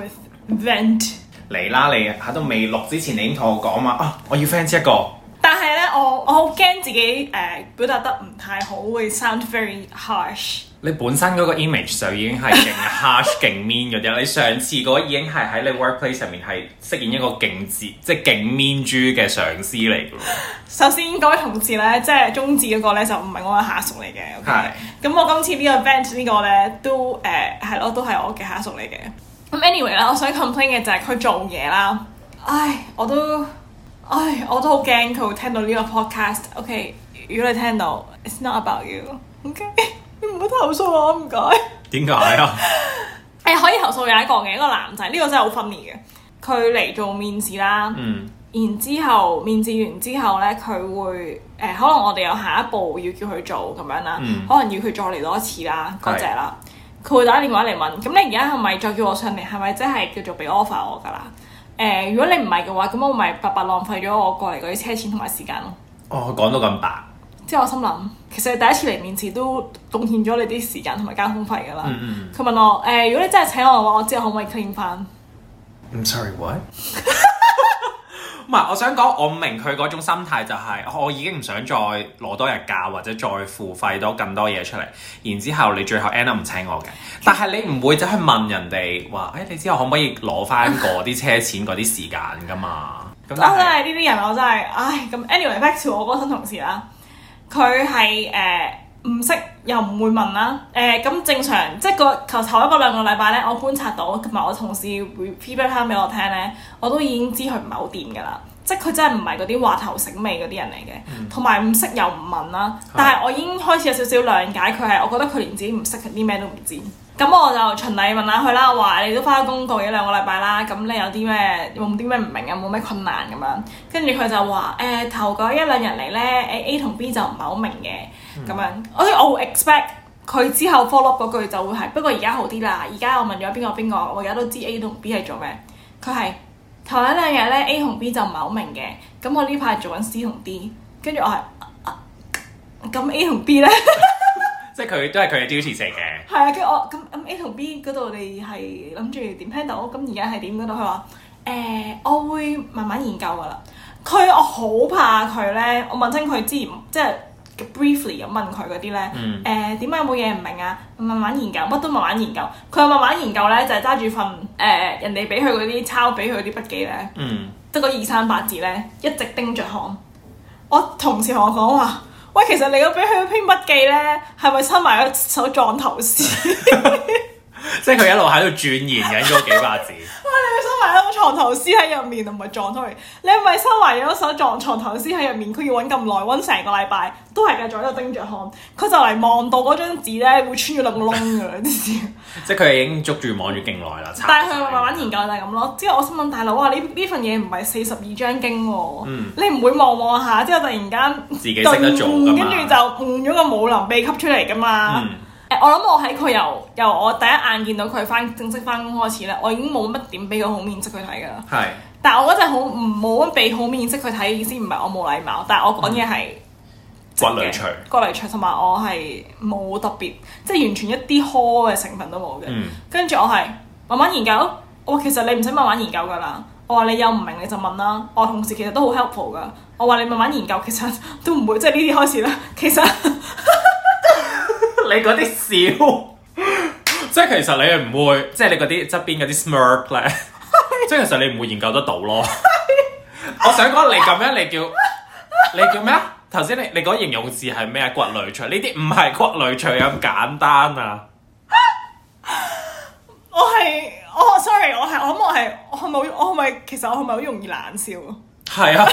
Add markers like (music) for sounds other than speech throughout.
event with 嚟啦，你喺度未錄之前，你已經同我講嘛？啊，我要 fans 一個。但係咧，我我好驚自己誒、呃，表達得唔太好，會 sound very harsh。你本身嗰個 image 就已經係勁 harsh、勁 mean 嗰啲。你上次嗰已經係喺你 workplace 上面係飾演一個勁字，即係勁 mean 豬嘅上司嚟嘅。首先，各位同事咧，即係中字嗰個咧，就唔係我嘅下屬嚟嘅。係、okay? 是。咁我今次個 vent 個呢個 vent 呢個咧，都誒係咯，都係我嘅下屬嚟嘅。咁 anyway 啦，我想 complain 嘅就係佢做嘢啦。唉，我都唉，我都好驚佢會聽到呢個 podcast。OK，如果你聽到，it's not about you。OK，你唔好投訴我，唔該。點解啊？你 (laughs) 可以投訴有一個嘅，一個男仔，呢、呢個真係好 funny 嘅。佢嚟做面試啦，嗯、然之後面試完之後咧，佢會誒、呃、可能我哋有下一步要叫佢做咁樣啦，嗯、可能要佢再嚟多一次啦，多謝啦。佢會打電話嚟問，咁你而家係咪再叫我上嚟？係咪真係叫做俾 offer 我㗎啦？誒、呃，如果你唔係嘅話，咁我咪白白浪費咗我過嚟嗰啲車錢同埋時間咯。哦，講到咁白，即係我心諗，其實你第一次嚟面前都貢獻咗你啲時間同埋交通費㗎啦。佢、嗯嗯、問我誒、呃，如果你真係請我嘅話，我之後可唔可以 claim 翻 I'm sorry, what? (laughs) 唔係，我想講，我明佢嗰種心態就係、是，我已經唔想再攞多日假，或者再付費多咁多嘢出嚟，然之後你最後 Anna 唔請我嘅，但係你唔會走去問人哋話，誒、哎、你之後可唔可以攞翻嗰啲車錢嗰啲時間㗎嘛？我真係呢啲人，我真係，唉，咁 Anyway，back to 我嗰新同事啦，佢係誒唔識。呃又唔會問啦、啊，誒、呃、咁、嗯、正常，即係個頭頭一個兩個禮拜咧，我觀察到同埋我同事會 PPT 翻俾我聽咧，我都已經知佢唔係好掂㗎喇，即係佢真係唔係嗰啲話頭醒尾嗰啲人嚟嘅，同埋唔識又唔問啦、啊。但係我已經開始有少少諒解，佢係我覺得佢連自己唔識啲咩都唔知。咁我就循例問下佢啦，話你都返工過兩、呃、一兩個禮拜啦，咁你有啲咩冇啲咩唔明啊，冇咩困難咁樣。跟住佢就話誒頭嗰一兩日嚟咧，誒 A 同 B 就唔係好明嘅。咁樣，我我會 expect 佢之後 follow 嗰句就會係，不過而家好啲啦。而家我問咗邊個邊個，我而家都知 A 同 B 係做咩。佢係頭一兩日咧 A 同 B 就唔係好明嘅，咁我呢排做緊 C 同 D，跟住我係咁 A 同 B 咧，即係佢都係佢嘅標誌性嘅。係啊，跟、啊、住、 (laughs) (laughs) 啊、我咁咁 A 同 B 嗰度，你哋係諗住點 handle 到？n 咁而家係點嗰度？佢話誒，我會慢慢研究噶啦。佢我好怕佢咧，我問清佢之前即係。briefly 咁問佢嗰啲咧，誒點解冇嘢唔明啊？慢慢研究，乜都慢慢研究。佢慢慢研究咧，就係揸住份誒、呃、人哋俾佢嗰啲抄，俾佢啲筆記咧，得個、嗯、二三百字咧，一直盯住行。我同事同我講話，喂，其實你個俾佢篇筆記咧，係咪抄埋個首藏頭詩？ (laughs) (laughs) 即係佢一路喺度轉譯緊嗰幾百字。 (laughs) 埋喺床頭詩喺入面，同埋撞佢。你唔係收埋咗一首撞床頭詩喺入面，佢要揾咁耐，揾成個禮拜都係繼續喺度盯着看。佢就嚟望到嗰張紙咧，會穿咗兩個窿噶啲事， (laughs) (laughs) 即係佢已經捉住望住勁耐啦。 (laughs) 但係佢慢慢研究就係咁咯。之後我心諗，嗯、大佬啊，呢呢份嘢唔係四十二章經喎。你唔、嗯、會望望下，之後突然間自己識得做，跟住就悟咗個武林秘笈出嚟噶嘛。嗯嗯。誒、欸，我諗我喺佢由由我第一眼見到佢翻正式翻工開始咧，我已經冇乜點俾佢好面色去睇噶啦。係是，但係我嗰陣好唔冇咁俾好面色去睇，意思唔係我冇禮貌，但係我講嘢係骨嚟脆，骨裏脆，同埋我係冇特別，即係完全一啲呵嘅成分都冇嘅。跟住、嗯、我係慢慢研究，我話其實你唔使慢慢研究噶啦。我話你又唔明你就問啦。我同事其實都好 helpful 噶。我話你慢慢研究，其實都唔會，即係呢啲開始啦。其實。 (laughs) 你嗰啲笑， (laughs) 即，即係其實你唔會，即係你嗰啲側邊嗰啲 smirk 咧，即係其實你唔會研究得到咯。 (laughs) 我想講你咁樣，你叫你叫咩啊？頭先你你形容詞係咩啊？骨累長呢啲唔係骨累長咁簡單啊！我係哦 sorry，我係我冇係我係咪我係咪其實我係咪好容易冷笑？係啊，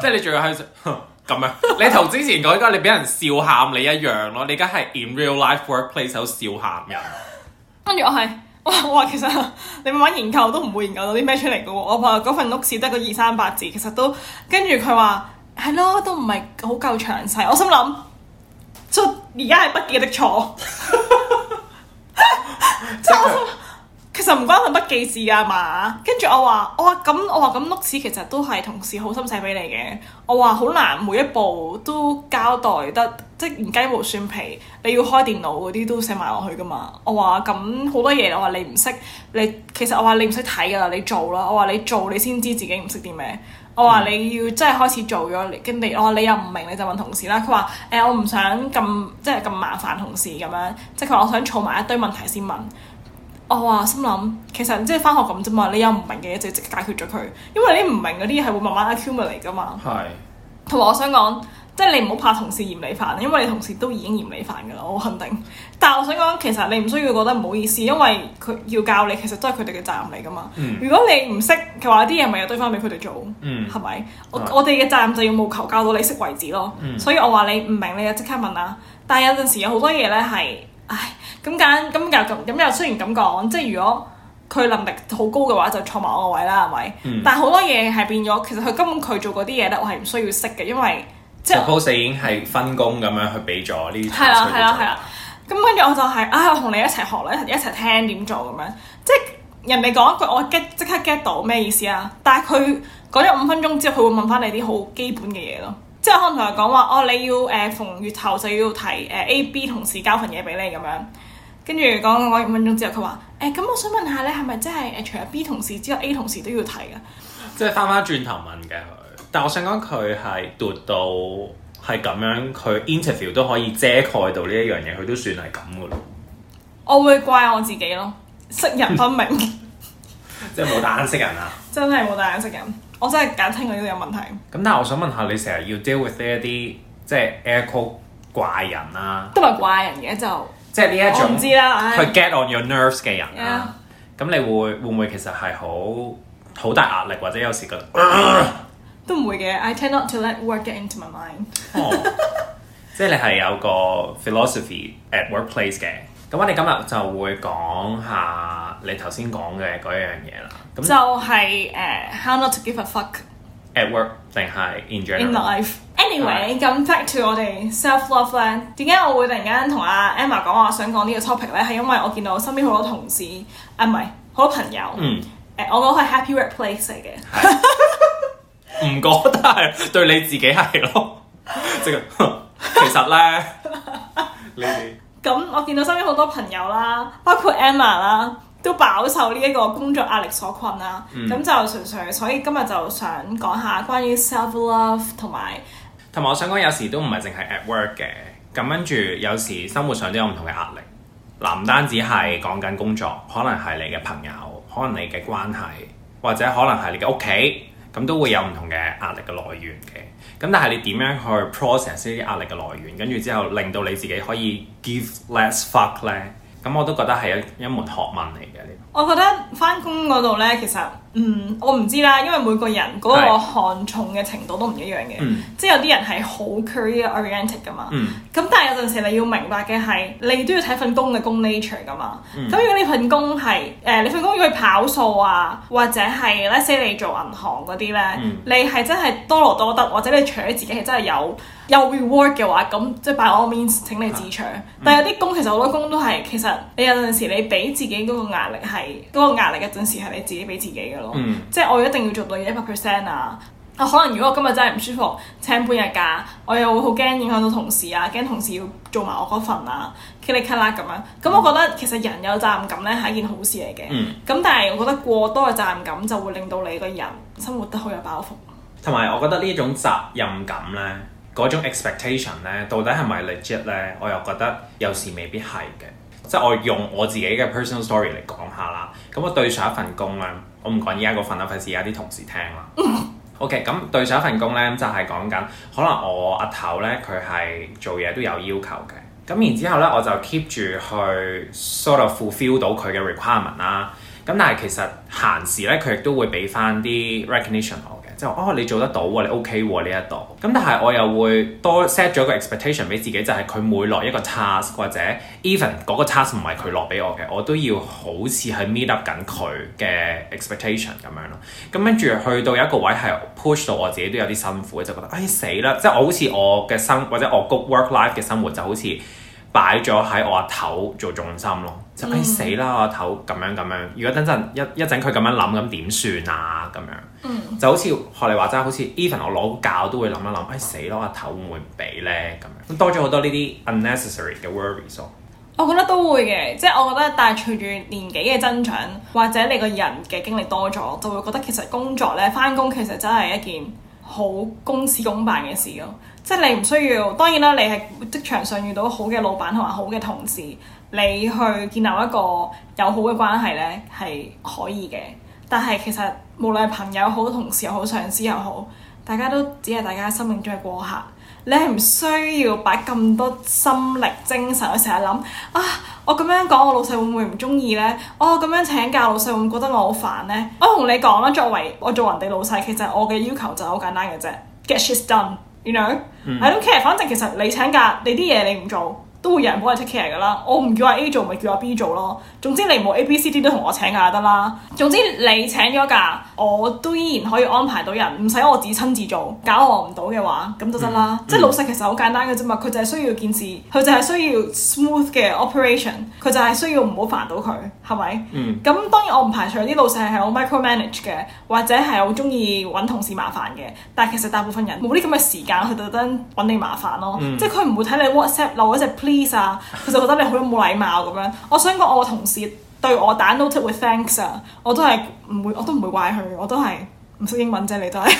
即係你仲要喺度。咁樣，你投資前嗰個你俾人笑喊，你一樣咯。你而家係 in real life workplace 好笑喊人，跟住我係，我話其實你慢慢研究都唔會研究到啲咩出嚟嘅喎。我話嗰份 notes 得個二三百字，其實都跟住佢話係咯，都唔係好夠詳細。我心諗出而家係不記得錯。 (laughs) 其實唔關份筆記事噶嘛，跟住我話我話咁，我話咁碌紙其實都係同事好心寫俾你嘅。我話好難每一步都交代得，即係連雞毛蒜皮，你要開電腦嗰啲都寫埋落去噶嘛。我話咁好多嘢，我話你唔識，你其實我話你唔識睇噶啦，你做啦。我話你做，你先知自己唔識啲咩。我話你要真係開始做咗，跟住我話你又唔明，你就問同事啦。佢話誒，我唔想咁即係咁麻煩同事咁樣，即係佢話我想儲埋一堆問題先問。我話、oh, 心諗，其實即係翻學咁啫嘛，你有唔明嘅嘢就即解決咗佢，因為你唔明嗰啲嘢係會慢慢 accumulate 㗎嘛。係。同埋我想講，即係你唔好怕同事嫌你煩，因為你同事都已經嫌你煩㗎啦，我肯定。但係我想講，其實你唔需要覺得唔好意思，因為佢要教你，其實都係佢哋嘅責任嚟㗎嘛。Mm. 如果你唔識，佢話啲嘢咪又堆翻俾佢哋做。嗯。係咪？我我哋嘅責任就要務求教到你識為止咯。Mm. 所以我話你唔明，你又即刻問啊！但係有陣時有好多嘢咧係。唉，咁簡咁又咁咁又雖然咁講，即係如果佢能力好高嘅話，就坐埋我個位啦，係咪？嗯、但係好多嘢係變咗，其實佢根本佢做嗰啲嘢咧，我係唔需要識嘅，因為即係 post 已經係分工咁樣去俾咗呢啲。係啦係啦係啦。咁跟住我就係、是、啊、哎，我同你一齊學咧，一齊聽點做咁樣。即係人哋講一句，我 get 即刻 get 到咩意思啊？但係佢講咗五分鐘之後，佢會問翻你啲好基本嘅嘢咯。即係可能同佢講話，哦，你要誒、呃、逢月頭就要睇誒、呃、A、B 同事交份嘢俾你咁樣，跟住講講五分鐘之後，佢話誒咁，欸、我想問下咧，係咪真係誒除咗 B 同事之外，A 同事都要睇噶？即係翻翻轉頭問嘅佢，但係我想講佢係讀到係咁樣，佢 interview 都可以遮蓋到呢一樣嘢，佢都算係咁噶啦。我會怪我自己咯，識人分明， (laughs) 即係冇打眼識人啊！ (laughs) 真係冇打眼識人。我真係揀聽佢呢個有問題。咁但係我想問下，你成日要 deal with 呢一啲即係 echo 怪人啊？都唔係怪人嘅就，即係呢一種唔知啦。去 get on your nerves 嘅人啊，咁你會會唔會其實係好好大壓力，或者有時覺得都唔會嘅。I tend not to let work get into my mind。即係你係有個 philosophy at workplace 嘅。咁我哋今日就會講下你頭先講嘅嗰樣嘢啦。咁就係誒，how not to give a fuck at work，定係 in general，in life。anyway，咁 back to 我哋 self love 咧，點解我會突然間同阿 Emma 講話想講呢個 topic 咧？係因為我見到我身邊好多同事，啊唔係好多朋友。嗯。誒，我覺得佢係 happy work place 嚟嘅。唔覺得係對你自己係咯？即係其實咧，你哋。咁我見到身邊好多朋友啦，包括 Emma 啦，都飽受呢一個工作壓力所困啦、啊。咁、嗯、就純粹，所以今日就想講下關於 self love 同埋，同埋我想講有時都唔係淨係 at work 嘅。咁跟住有時生活上都有唔同嘅壓力，嗱、啊、唔單止係講緊工作，可能係你嘅朋友，可能你嘅關係，或者可能係你嘅屋企。咁都會有唔同嘅壓力嘅來源嘅，咁但係你點樣去 process 呢啲壓力嘅來源，跟住之後令到你自己可以 give less fuck 咧？咁我都覺得係一一門學問嚟嘅呢。我覺得翻工嗰度咧，其實～嗯，我唔知啦，因為每個人個看重嘅程度都唔一樣嘅，嗯、即係有啲人係好 career oriented 噶嘛。咁、嗯、但係有陣時你要明白嘅，係你都要睇份工嘅工 nature 噶嘛。咁、嗯、如果你份工係誒、呃、你份工要去跑數啊，或者係咧 say 你做銀行啲咧，嗯、你係真係多勞多得，或者你除咗自己係真係有有 reward 嘅話，咁即係 by all means 請你自取。啊嗯、但係有啲工其實好多工都係其實你有陣時你俾自己、嗰個壓力係個壓力，有陣時係你自己俾自己嘅。嗯、即係我一定要做到一百 percent 啊！啊，可能如果我今日真係唔舒服，請半日假，我又會好驚影響到同事啊，驚同事要做埋我嗰份啊，噼里咔啦咁樣。咁我覺得其實人有責任感咧係一件好事嚟嘅。咁但係我覺得過多嘅責任感就會令到你個人生活得好有包袱。同埋，我覺得呢一種責任感咧，嗰種 expectation 咧，到底係咪 legit 咧？我又覺得有時未必係嘅。即係我用我自己嘅 personal story 嚟講下啦。咁我對上一份工咧。我唔講依家嗰份啦，費事啲同事聽啦。 (laughs) OK，咁對上一份工咧，就係講緊，可能我阿頭咧佢係做嘢都有要求嘅。咁然之後咧，我就 keep 住去 sort of fulfil 到佢嘅 requirement 啦。咁但係其實閒時咧，佢亦都會俾翻啲 recognition 我。即哦，你做得到，你 OK 喎呢一度。咁但係我又會多 set 咗個 expectation 俾自己，就係、是、佢每落一個 task 或者 even 嗰個 task 唔係佢落俾我嘅，我都要好似係 meet up 緊佢嘅 expectation 咁樣咯。咁跟住去到有一個位係 push 到我自己都有啲辛苦，就覺得唉死啦！即係好似我嘅生或者我 good work life 嘅生活就好似～擺咗喺我阿頭做重心咯，就、嗯、哎死啦！阿頭咁樣咁樣，如果等陣一一陣佢咁樣諗，咁點算啊？咁樣，嗯、就好似學你話齋，好似 even 我攞教都會諗一諗，哎死咯！阿頭會唔會俾咧？咁樣，多咗好多呢啲 unnecessary 嘅 worries 咯。我覺得都會嘅，即係我覺得，但係隨住年紀嘅增長，或者你個人嘅經歷多咗，就會覺得其實工作咧，翻工其實真係一件好公事公辦嘅事咯。即係你唔需要，當然啦。你係職場上遇到好嘅老闆同埋好嘅同事，你去建立一個友好嘅關係呢係可以嘅。但係其實無論係朋友好、同事又好、上司又好，大家都只係大家生命中嘅過客。你係唔需要擺咁多心力、精神去成日諗啊。我咁樣講，我老細會唔會唔中意呢？哦，咁樣請教老細會唔會覺得我好煩呢？我同你講啦，作為我做人哋老細，其實我嘅要求就好簡單嘅啫，get shit done。you know? I don't care。反正其實你請假，你啲嘢你唔做。都會有人幫你 take care 㗎啦，我唔叫阿 A 做，咪叫阿 B 做咯。總之你冇 A、B、C、D 都同我請假得啦。總之你請咗假，我都依然可以安排到人，唔使我自己親自做。搞我唔到嘅話，咁都得啦。嗯、即係、嗯、老細其實好簡單嘅啫嘛，佢就係需要件事，佢就係需要 smooth 嘅 operation，佢就係需要唔好煩到佢，係咪？咁、嗯、當然我唔排除有啲老細係好 micromanage 嘅，或者係好中意揾同事麻煩嘅。但係其實大部分人冇啲咁嘅時間去特登揾你麻煩咯，嗯、即係佢唔會睇你 WhatsApp 漏一隻。please 啊，佢就覺得你好冇禮貌咁樣。我想講，我同事對我打 note with thanks 啊，我都係唔會，我都唔會怪佢，我都係唔識英文啫，你都係。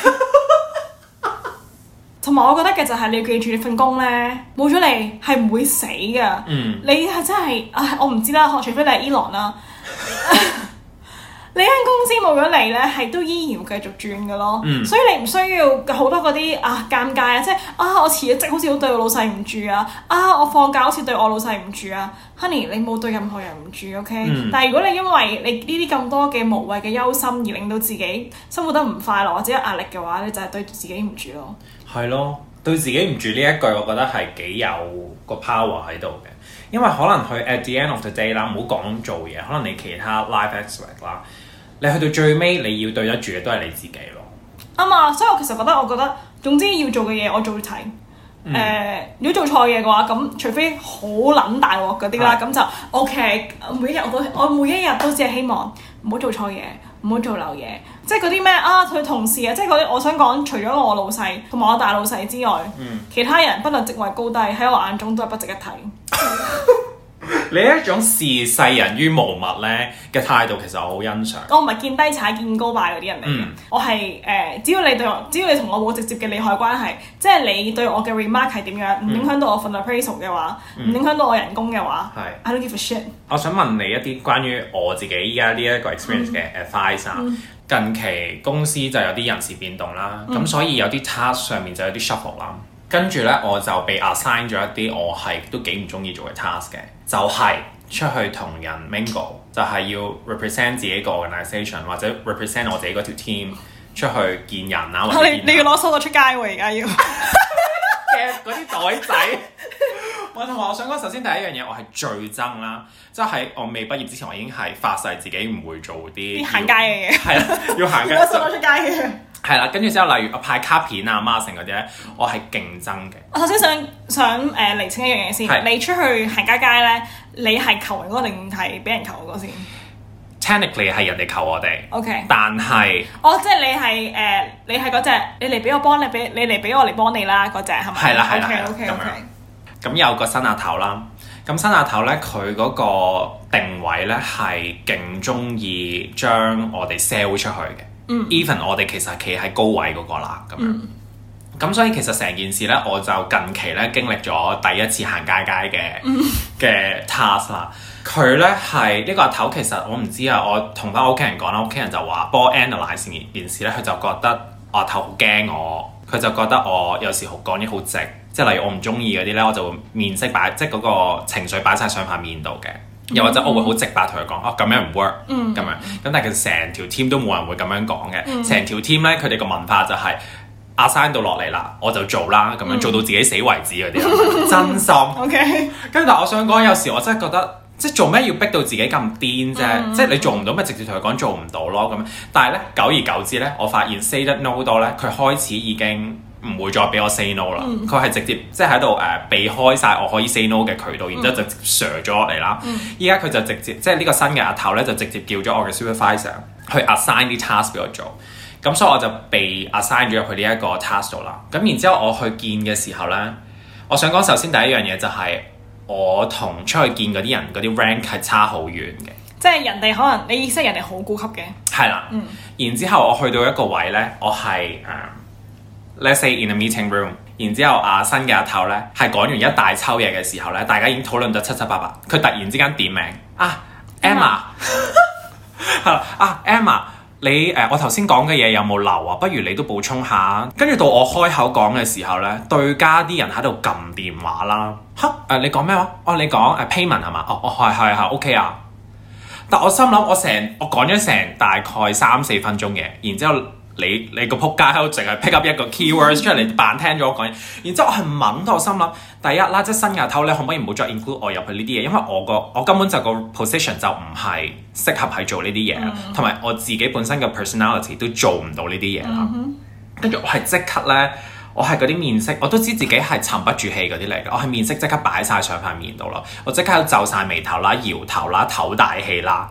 同埋我覺得嘅就係你要記住你呢，呢份工咧，冇咗你係唔會死噶。嗯、mm.，你係真係，我唔知啦，除非你係 Elon 啦。 (laughs) 你間公司冇咗你嚟咧，係都依然會繼續轉㗎咯。嗯、所以你唔需要好多嗰啲啊尷尬啊，尬即係啊我辭咗職好似好對我老細唔住啊，啊我放假好似對我老細唔住啊。Honey，你冇對任何人唔住，OK？、嗯、但係如果你因為你呢啲咁多嘅無謂嘅憂心而令到自己生活得唔快樂或者有壓力嘅話，你就係對自己唔住咯。係咯，對自己唔住呢一句，我覺得係幾有個 power 喺度嘅。因為可能佢 at the end of the day 啦，唔好講做嘢，可能你其他 life aspect 啦。你去到最尾，你要對得住嘅都係你自己咯。啱啊，所以我其實覺得，我覺得總之要做嘅嘢，我做齊。誒、嗯呃，如果做錯嘢嘅話，咁除非好撚大鑊嗰啲啦，咁是就 OK。每一日我都，我每一日都只係希望唔好、嗯、做錯嘢，唔好做漏嘢。即係嗰啲咩啊，佢同事啊，即係嗰啲，我想講，除咗我老細同埋我大老細之外，嗯、其他人，不論職位高低，喺我眼中都係不值一提。 (laughs) (laughs) 你一種視世人於無物咧嘅態度，其實我好欣賞。我唔係見低踩、見高拜嗰啲人嚟。嘅、嗯，我係誒、呃，只要你對我，只要你同我冇直接嘅利害關係，即、就、係、是、你對我嘅 remark 係點樣，唔、嗯、影響到我份 appraisal 嘅話，唔、嗯、影響到我人工嘅話，係、嗯、I don't give a shit。我想問你一啲關於我自己依家呢一個 experience 嘅 advice 啊。嗯、近期公司就有啲人事變動啦，咁、嗯、所以有啲 task 上面就有啲 shuffle 啦。嗯、跟住咧，我就被 assign 咗一啲我係都幾唔中意做嘅 task 嘅。就係出去同人 mingle，就係要 represent 自己個 organisation 或者 represent 我自己嗰條 team 出去見人啊！你你要攞手袋出街喎，而家要嘅嗰啲袋仔。 (laughs) (laughs) 我同學，我想講首先第一樣嘢，我係最憎啦，即係我未畢業之前，我已經係發誓自己唔會做啲行街嘅嘢，係 (laughs) 要行走街。攞手袋出街嘅。係啦，跟住、嗯、之後，例如我派卡片啊、marketing 嗰啲咧，我係競爭嘅。我首先想想誒釐、呃、清一樣嘢先，是你出去行街街咧，你係求人嗰個定係俾人求嗰個先？Technically 係人哋求我哋。O Okay . K 是。但係，哦，即係你係誒、呃，你係嗰隻，你嚟俾我幫你，俾你嚟俾我嚟幫你啦，嗰隻係咪？係啦，係啦，O K O K 咁有個新亞頭啦，咁新亞頭咧，佢嗰個定位咧係勁中意將我哋 sell 出去嘅。Even 我哋其實企喺高位嗰個啦，咁樣，咁、mm. 所以其實成件事咧，我就近期咧經歷咗第一次行街街嘅嘅、mm. task 啦。佢咧係呢、呢個阿頭，其實我唔知啊。我同翻屋企人講啦，屋企人就話幫我 analyze 呢件事咧，佢就覺得阿、哦、頭好驚我，佢就覺得我有時講嘢好直，即係例如我唔中意嗰啲咧，我就會面色擺，即係嗰個情緒擺晒上下面度嘅。又或者我會好直白同佢講，哦，咁樣唔 work 咁樣咁，但其實佢成條 team 都冇人會咁樣講嘅。成條 team 咧，佢哋個文化就係 assign 到落嚟啦，我就做啦，咁樣做到自己死為止嗰啲，真心 OK。跟住但我想講有時我真係覺得即係做咩要逼到自己咁癲啫？即係你做唔到咪直接同佢講做唔到咯咁。但係咧久而久之咧，我發現 say 得 no 多咧，佢開始已經唔會再俾我 say no 啦，佢係，嗯、直接即係喺度誒避開晒我可以 say no 嘅渠道，嗯、然之後就瀡咗落嚟啦。依家佢就直接即係呢個新嘅阿頭咧，就直接叫咗我嘅 supervisor 去 assign 啲 task 俾我做，咁所以我就被 assign 咗入去呢一個 task 度啦。咁然之後我去見嘅時候咧，我想講首先第一樣嘢就係、是，我同出去見嗰啲人嗰啲 rank 係差好遠嘅，即係人哋可能你認識人哋好高級嘅，係啦。嗯、然之後我去到一個位咧，我係誒。嗯 Let's say in a meeting room，然之後啊，新嘅阿頭呢，係講完一大抽嘢嘅時候呢，大家已經討論得七七八八。佢突然之間點名啊，Emma，、嗯、 (laughs) 啊，Emma，你誒、呃、我頭先講嘅嘢有冇漏啊？不如你都補充下。跟住到我開口講嘅時候呢，對家啲人喺度撳電話啦。嚇誒、呃，你講咩話？哦，你講誒、啊、payment 係嘛？哦，係係係，OK 啊。但我心諗，我成我講咗成大概三四分鐘嘅，然之後。你你個撲街喺度，淨係 pick up 一個 keywords、嗯、出嚟扮聽咗我講嘢，然之後我係敏到，我心諗第一啦，即係新牙頭你可唔可以唔好再 include 我入去呢啲嘢？因為我個我根本就個 position 就唔係適合係做呢啲嘢，同埋、嗯、我自己本身嘅 personality 都做唔到、嗯、哼呢啲嘢啦。跟住我係即刻咧，我係嗰啲面色，我都知自己係沉不住氣嗰啲嚟嘅，我係面色即刻擺晒上塊面度咯，我即刻皺晒眉頭啦、搖頭啦、唞大氣啦。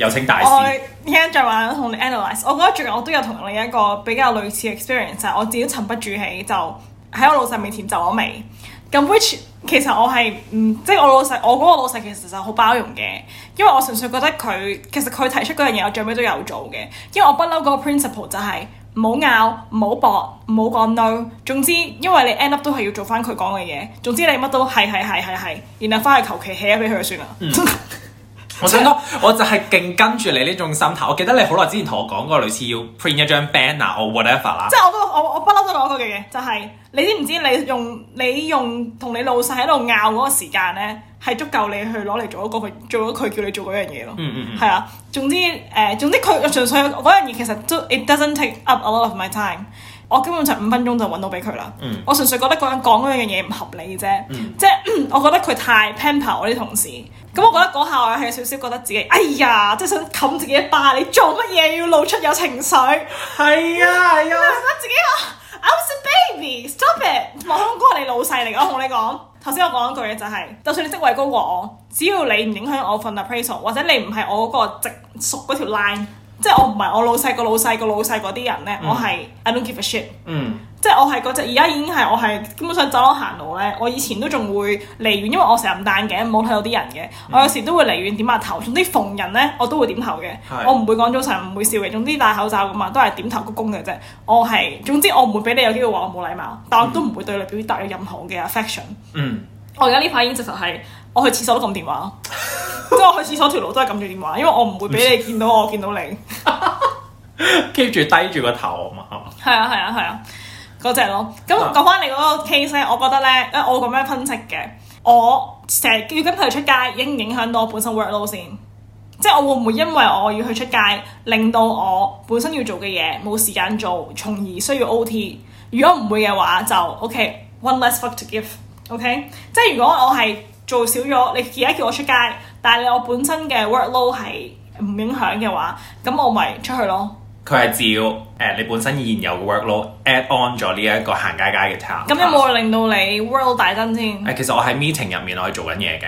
有請大師我，依家再話同你 analyse，er，我覺得最近我都有同你一個比較類似嘅 experience，就係我自己沉不住氣，就喺我老細面前就我眉。咁 which 其實我係唔、嗯、即係我老細，我嗰個老細其實就好包容嘅，因為我純粹覺得佢其實佢提出嗰樣嘢，我最尾都有做嘅。因為我、就是、不嬲嗰個 principle 就係唔好拗、唔好搏、唔好講 no。總之，因為你 end up 都係要做翻佢講嘅嘢。總之你乜都係係係係係，然後翻去求其 hea 俾佢就算啦。嗯 (laughs) 我想講， (laughs) 我就係勁跟住你呢種心態。我記得你好耐之前同我講過類似要 print 一張 banner or whatever 啦。即係我都我我不嬲都攞過嘅嘢，就係、是、你知唔知你用你用同你老細喺度拗嗰個時間咧，係足夠你去攞嚟做一個去做咗佢叫你做嗰樣嘢咯。嗯係、mm hmm. 啊，總之誒、呃，總之佢純粹嗰樣嘢其實 it doesn't take up a lot of my time。我基本上就五分鐘就揾到俾佢啦。Mm hmm. 我純粹覺得嗰人講嗰樣嘢唔合理啫。Mm hmm. 即係我覺得佢太 pamper 我啲同事。咁、嗯嗯、我覺得嗰下我又係有少少覺得自己哎呀，即係想冚自己一巴。你做乜嘢要露出有情緒？係啊係啊，想自己。 (laughs) (laughs) (laughs) I was a baby. Stop it！ (laughs) 我東哥係你老細嚟㗎，我同你講。頭先我講一句嘅就係、是，就算你職位高過我，只要你唔影響我份 appraisal，或者你唔係我嗰個直屬嗰條 line，即係我唔係我老細個老細個老細嗰啲人咧，嗯、我係 I don't give a shit。嗯。嗯。即係我係嗰隻，而家已經係我係基本上走路行路咧。我以前都仲會離遠，因為我成日唔戴眼鏡，唔好睇到啲人嘅。我有時都會離遠點下頭，總之逢人咧我都會點頭嘅。是我唔會講早晨，唔會笑嘅。總之戴口罩咁嘛，都係點頭鞠躬嘅啫。我係總之我唔會俾你有機會話我冇禮貌，嗯、但我都唔會對你表達有任何嘅 affection。嗯，我而家呢排已經直頭係我去廁所都撳電話， (laughs) 即係我去廁所條路都係撳住電話，因為我唔會俾你見到我， (laughs) 我見到你。 (laughs) keep 住 you (laughs) (laughs) 低住個頭啊嘛，係啊係啊係啊！嗰隻咯，咁講翻你嗰個 case 咧，我覺得咧，因為我咁樣分析嘅，我成日要跟佢出街影唔影響到我本身 work load 先，即係我會唔會因為我要去出街，令到我本身要做嘅嘢冇時間做，從而需要 OT？如果唔會嘅話就 OK，one、okay, less fuck to give，OK？Okay？即係如果我係做少咗，你而家叫我出街，但係你我本身嘅 work load 係唔影響嘅話，咁我咪出去咯。佢係照誒，你本身現有 workload add on 咗呢一個行街街嘅 time。咁有冇令到你 work load 大增先？誒，其實我喺 meeting 入面，我係做緊嘢嘅，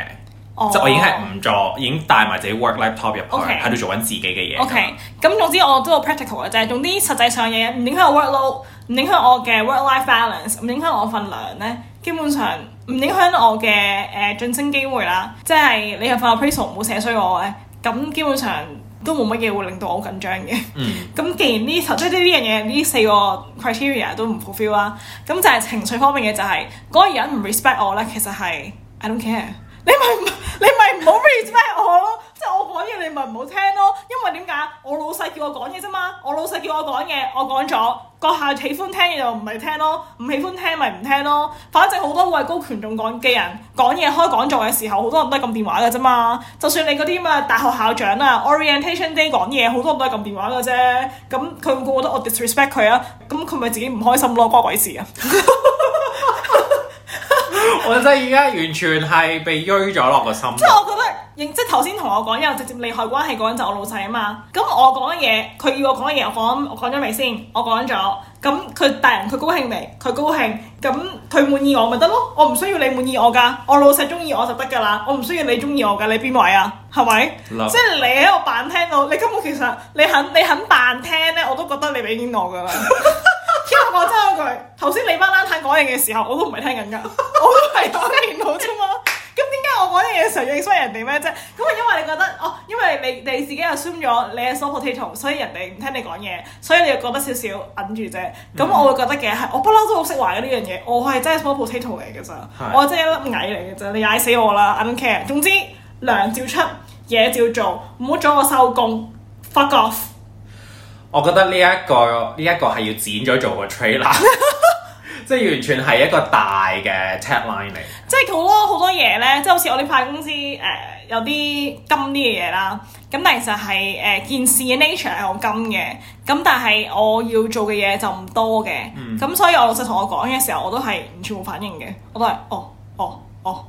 即係我已經係唔做，已經帶埋自己 work laptop 入去，喺度 Okay. 做緊自己嘅嘢。O K，咁總之我都有 practical 嘅啫。總之實際上嘅嘢唔影響我 workload，唔影響我嘅 work, work life balance，唔影響我份糧咧。基本上唔影響我嘅誒、呃、晉升機會啦。即係你又發 appraisal 冇寫衰我嘅，咁基本上。都冇乜嘢會令到我好緊張嘅。咁既然呢頭即係呢樣嘢，呢四個 criteria 都唔符合啦。咁就係情緒方面嘅、就係，就係嗰個人唔 respect 我咧。其實係 I don't care。你咪你咪唔好 respect 我咯，即係我講嘢你咪唔好聽咯，因為點解？我老細叫我講嘢啫嘛，我老細叫我講嘢，我講咗，閣下喜，喜歡聽就唔係聽咯，唔喜歡聽咪唔聽咯，反正好多位高權重講嘅人講嘢開講座嘅時候，好多人都係撳電話噶啫嘛，就算你嗰啲乜大學校長啊 orientation day 講嘢，好多人都係撳電話噶啫，咁佢會唔會覺得我 disrespect 佢啊？咁佢咪自己唔開心咯，關鬼事啊！ (laughs) 我真係而家完全係被瘀咗落個心。即係我覺得，即係頭先同我講，因為直接利害關係嗰人就我老細啊嘛。咁我講嘅嘢，佢要我講嘅嘢，我講，我講咗未先？我講咗。咁佢大人，佢高興未？佢高興。咁佢滿意我咪得咯？我唔需要你滿意我噶，我老細中意我就得噶啦。我唔需要你中意我噶，你邊位啊？係咪？Love. 即係你喺度扮聽到，你根本其實你肯你肯扮聽咧，我都覺得你俾應我噶啦。 (laughs) 因為講真嗰句，頭先你班冷太講嘢嘅時候，我都唔係聽緊㗎，我都係講唔好啫嘛。咁點解我講嘢嘅時候要衰人哋咩啫？咁係因為你覺得哦，因為你你自己又輸咗，你係 so potato，所以人哋唔聽你講嘢，所以你又覺得少少韌住啫。咁我會覺得嘅係，我不嬲都好識話嘅呢樣嘢，我係真係 so potato 嚟嘅咋，我真係一粒蟻嚟嘅啫，你嗌死我啦，I don't care。總之，糧照出，嘢照做，唔好阻我收工，fuck off。 (laughs) 我覺得呢、這、一個呢一、這個係要剪咗做個 trailer，即 (laughs) 係完全係一個大嘅 tagline 嚟。即係好多好多嘢咧，即係好似我哋派公司誒、呃、有啲金啲嘅嘢啦。咁但係其實誒件事嘅 nature 係好金嘅。咁但係我要做嘅嘢就唔多嘅。咁、嗯、所以我老實同我講嘅時候，我都係完全冇反應嘅。我都係哦哦哦。哦哦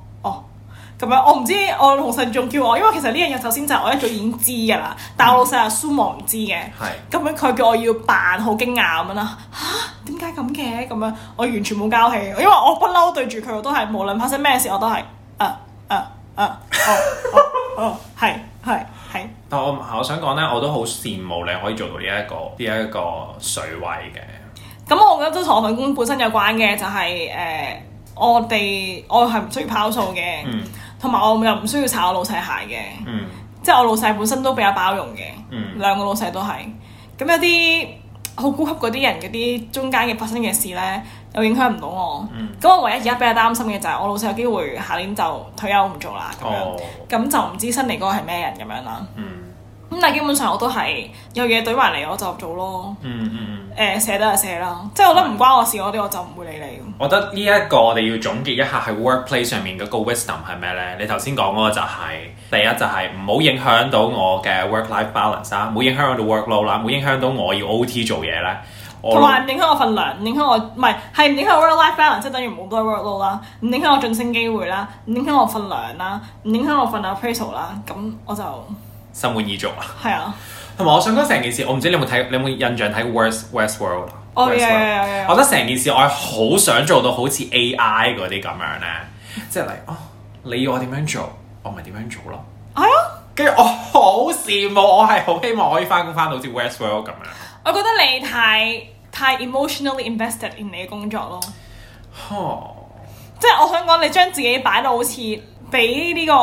咁樣我唔知我老細仲叫我，因為其實呢樣嘢首先就係我一早已經知㗎啦。但我老細阿蘇望唔知嘅。係咁、mm. 樣佢叫我要扮好驚訝咁樣啦。嚇點解咁嘅？咁樣，樣我完全冇交氣，因為我不嬲對住佢，我都係無論發生咩事我都係啊啊啊哦哦哦係係係。但我我想講咧，我都好羨慕你可以做到呢、呢、一個呢一、呢個水位嘅。咁我覺得都同我份工本身有關嘅，就係誒我哋我係唔需要跑數嘅。嗯。同埋我又唔需要擦我老細鞋嘅，嗯、即係我老細本身都比較包容嘅，嗯、兩個老細都係。咁有啲好高級嗰啲人嗰啲中間嘅發生嘅事咧，又影響唔到我。咁、嗯、我唯一而家比較擔心嘅就係我老細有機會下年就退休唔做啦，咁樣咁、哦、就唔知新嚟嗰個係咩人咁樣啦、嗯。嗯咁但基本上我都係有嘢堆埋嚟我就做咯。嗯嗯嗯。誒，捨得就捨啦，即係我覺得唔關我事嗰啲我就唔會理你。我覺得呢一個我哋要總結一下係 workplace 上面嗰個 wisdom 係咩咧？你頭先講嗰個就係第一就係唔好影響到我嘅 work life balance 啦，唔好影響到 work load 啦，唔好影響到我要 OT 做嘢咧。同埋唔影響我份糧，唔影響我唔係係唔影響我 work life balance，即係等於唔好多 work load 啦，唔影響我晉升機會啦，唔影響我份糧啦，唔影響我份 appraisal 啦，咁我就，心滿意足啊！係啊，同埋我想講成件事，我唔知你有冇睇，你有冇印象睇《West World》？哦，有有有有。我覺得成件事我係好想做到好似 AI 嗰啲咁樣咧，即係嚟哦，你要我點樣做，我咪點樣做咯。係啊，跟住我好羨慕，我係好希望可以翻工翻到好似 West World 咁樣。我覺得你太太 emotionally invested in 你嘅工作咯。即係 (laughs) 我想講，你將自己擺到好似～比呢個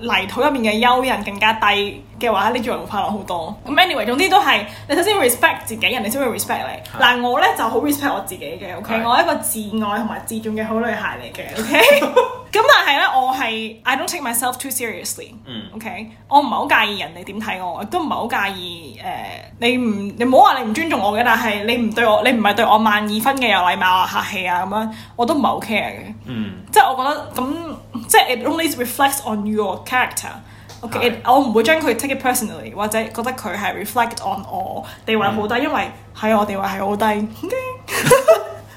泥土入面嘅幽人更加低嘅話，你做人會快樂好多。咁 anyway，總之都係你首先 respect 自己，人哋先會 respect 你。嗱 Yeah.，我咧就好 respect 我自己嘅，okay? Yeah. 我係我一個自愛同埋自重嘅好女孩嚟嘅。OK，咁 (laughs) (laughs) 但係咧，我係 I don't take myself too seriously。OK 我唔係好介意人哋點睇我，都唔係好介意誒、呃，你唔你唔好話你唔尊重我嘅，但係你唔對我，你唔係對我萬二分嘅有禮貌啊、客氣啊咁樣，我都唔係好 care 嘅。嗯，即係我覺得咁。即係 it only reflects on your character，OK，、okay? 我唔會將佢 take it personally，或者覺得佢係 reflect on 我地位好低，嗯、因為喺我地位係好低。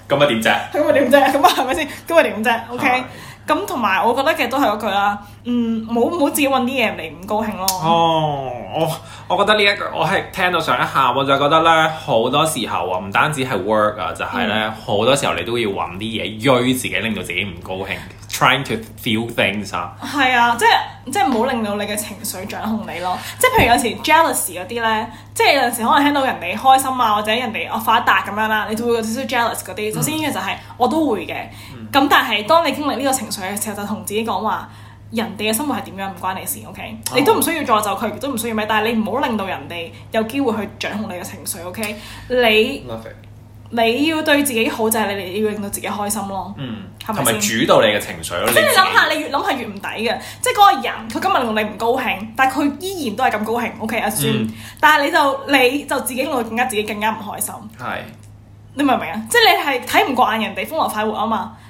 咁啊點啫？咁啊點啫？咁啊係咪先？咁啊點啫？OK，咁同埋我覺得嘅都係嗰句啦，嗯，唔好唔好自己揾啲嘢嚟唔高興咯。哦、oh，我我覺得呢一句，我係聽到上一下我就覺得咧，好多時候啊，唔單止係 work 啊，就係咧好多時候你都要揾啲嘢自己，令到自己唔高興。trying to feel things 啊，係啊，即係即係唔好令到你嘅情緒掌控你咯。即係譬如有時 jealous 嗰啲咧，即係有陣時可能聽到人哋開心啊，或者人哋發達咁樣啦，你就會有少少 jealous 嗰啲。嗯、首先呢樣就係、是、我都會嘅，咁、嗯、但係當你經歷呢個情緒嘅時候，就同自己講話，人哋嘅生活係點樣唔關你事，OK？、哦、你都唔需要助就佢，亦都唔需要咩。但係你唔好令到人哋有機會去掌控你嘅情緒，OK？你。你要對自己好就係、是、你你要令到自己開心咯，係咪、嗯、吧主導你嘅情緒咯？所以你諗下，你，自你越諗係越唔抵嘅，即係嗰個人佢今日令你唔高興，但係佢依然都係咁高興，OK 阿孫。嗯、但係你就你就自己令到更加自己更加唔開心，係是你明唔明啊？即係你係睇唔慣人哋風流快活啊嘛～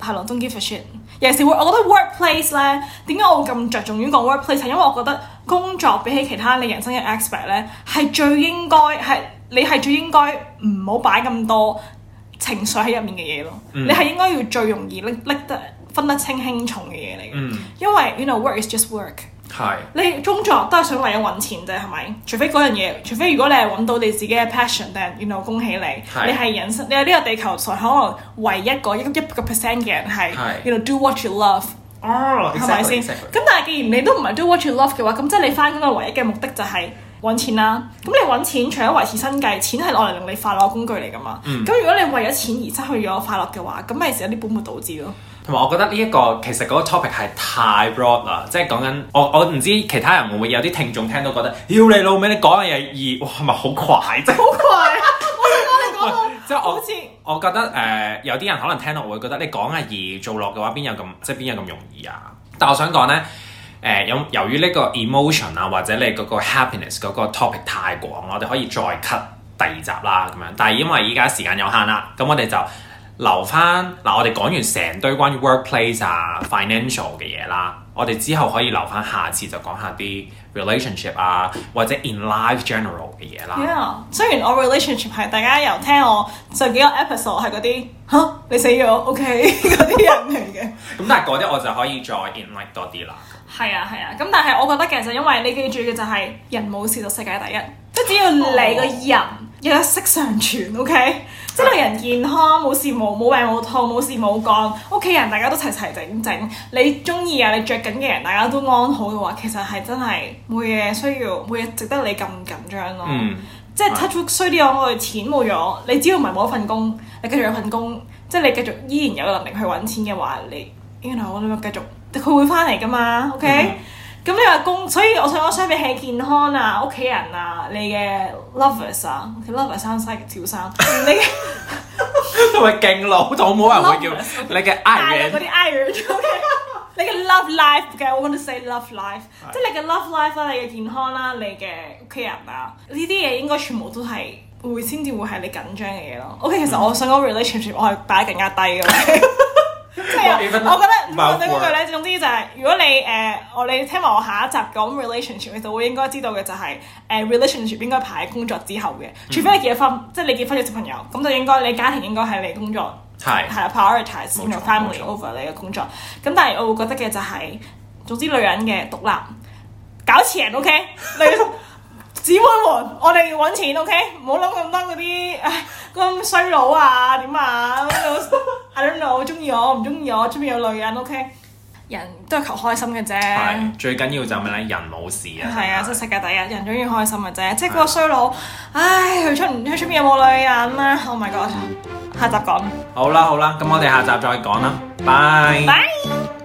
係咯，don't give a shit。有時會，我覺得 workplace 咧，點解我會咁着重於講 workplace？係因為我覺得工作比起其他你人生嘅 aspect 咧，係最應該係你係最應該唔好擺咁多情緒喺入面嘅嘢咯。Mm. 你係應該要最容易拎拎得分得清輕重嘅嘢嚟嘅。Mm. 因為 you know work is just work。係，你工作都係想為咗揾錢啫，係咪？除非嗰樣嘢，除非如果你係揾到你自己嘅 passion，但係然後恭喜你，是你係人生，你係呢個地球上可能唯一個一一個 percent 嘅人係，要是 you know, do what you love，係咪先？咁但係既然你都唔係 do what you love 嘅話，咁即係你翻工嘅唯一嘅目的就係揾錢啦、啊。咁你揾錢除咗維持生計，錢係攞嚟令你快樂嘅工具嚟㗎嘛。咁、嗯、如果你為咗錢而失去咗快樂嘅話，咁咪成啲本末倒置咯。同埋，我覺得呢、這、一個其實嗰個 topic 係太 broad 啦，即係講緊我我唔知其他人會唔會有啲聽眾聽到覺得，妖你老味，你講嘅嘢易，哇，係咪好快像啫。真係好快啊！我聽你講到即係我覺得誒、呃，有啲人可能聽落會覺得你講係易做落嘅話，邊有咁即係邊有咁容易啊？但係我想講咧誒，因、呃、由於呢個 emotion 啊或者你嗰個 happiness 嗰個 topic 太廣啦，我哋可以再 cut 第二集啦咁樣。但係因為依家時間有限啦，咁我哋就。留翻嗱、啊，我哋講完成堆關於 workplace 啊、financial 嘅嘢啦，我哋之後可以留翻下次就講下啲 relationship 啊，或者 in life general 嘅嘢啦。y、yeah，雖然我 relationship 係大家由聽我上幾個 episode 係嗰啲嚇你死咗 OK 嗰 (laughs) 啲人嚟嘅，咁 (laughs) (laughs) 但係嗰啲我就可以再 invite 多啲啦。係啊係啊，咁、啊、但係我覺得其實因為你記住嘅就係人冇事就世界第一，即係只要你個人。Oh. 一息尚存，OK，即係人健康冇事冇冇病冇痛冇事冇幹，屋企人大家都齊齊整整，你中意啊，你着緊嘅人大家都安好嘅話，其實係真係冇嘢需要，冇嘢值得你咁緊張咯。嗯、即係 cut 咗衰啲講，我哋錢冇咗，你只要唔係冇咗份工，你繼續有份工，即係你繼續依然有能力去揾錢嘅話，你原來我都繼續，佢會返嚟㗎嘛，OK、嗯。咁你話工，所以我想講，相比起健康啊、屋企人啊、你嘅 lovers 啊、你 lover 生曬條生，你嘅都係勁老，就冇人會叫你嘅 iron 嗰啲 iron，你嘅 love life，唔該，我 want to say love life，即係你嘅 love life 啦，你嘅健康啦，你嘅屋企人啊，呢啲嘢應該全部都係會先至會係你緊張嘅嘢咯。OK，其實我想講 relationship，我係擺得更加低嘅。咁，即係我覺得我哋嗰句咧，總之就係、是、如果你誒我哋聽埋我下一集講 relationship，你就會應該知道嘅就係、是、誒、呃、relationship 應該排喺工作之後嘅，除非你結婚，嗯、即係你結婚嘅小朋友，咁就應該你家庭應該係你工作係係 prioritize your family over 你嘅工作。咁、嗯、但係我會覺得嘅就係、是、總之女人嘅獨立搞錢 OK。姊妹們，我哋揾錢 OK，唔好諗咁多嗰啲唉，咁衰佬啊，點啊？係點啊？I don't know, 我中意我唔中意，我出面有女人 OK，人都係求開心嘅啫。係，最緊要就係咩咧？人冇事啊。係啊，即世界第一人，人總要開心嘅啫。即嗰個衰佬，唉，佢出佢出面有冇女人啊？Oh my God！下集講。好啦好啦，咁我哋下集再講啦，拜。Bye。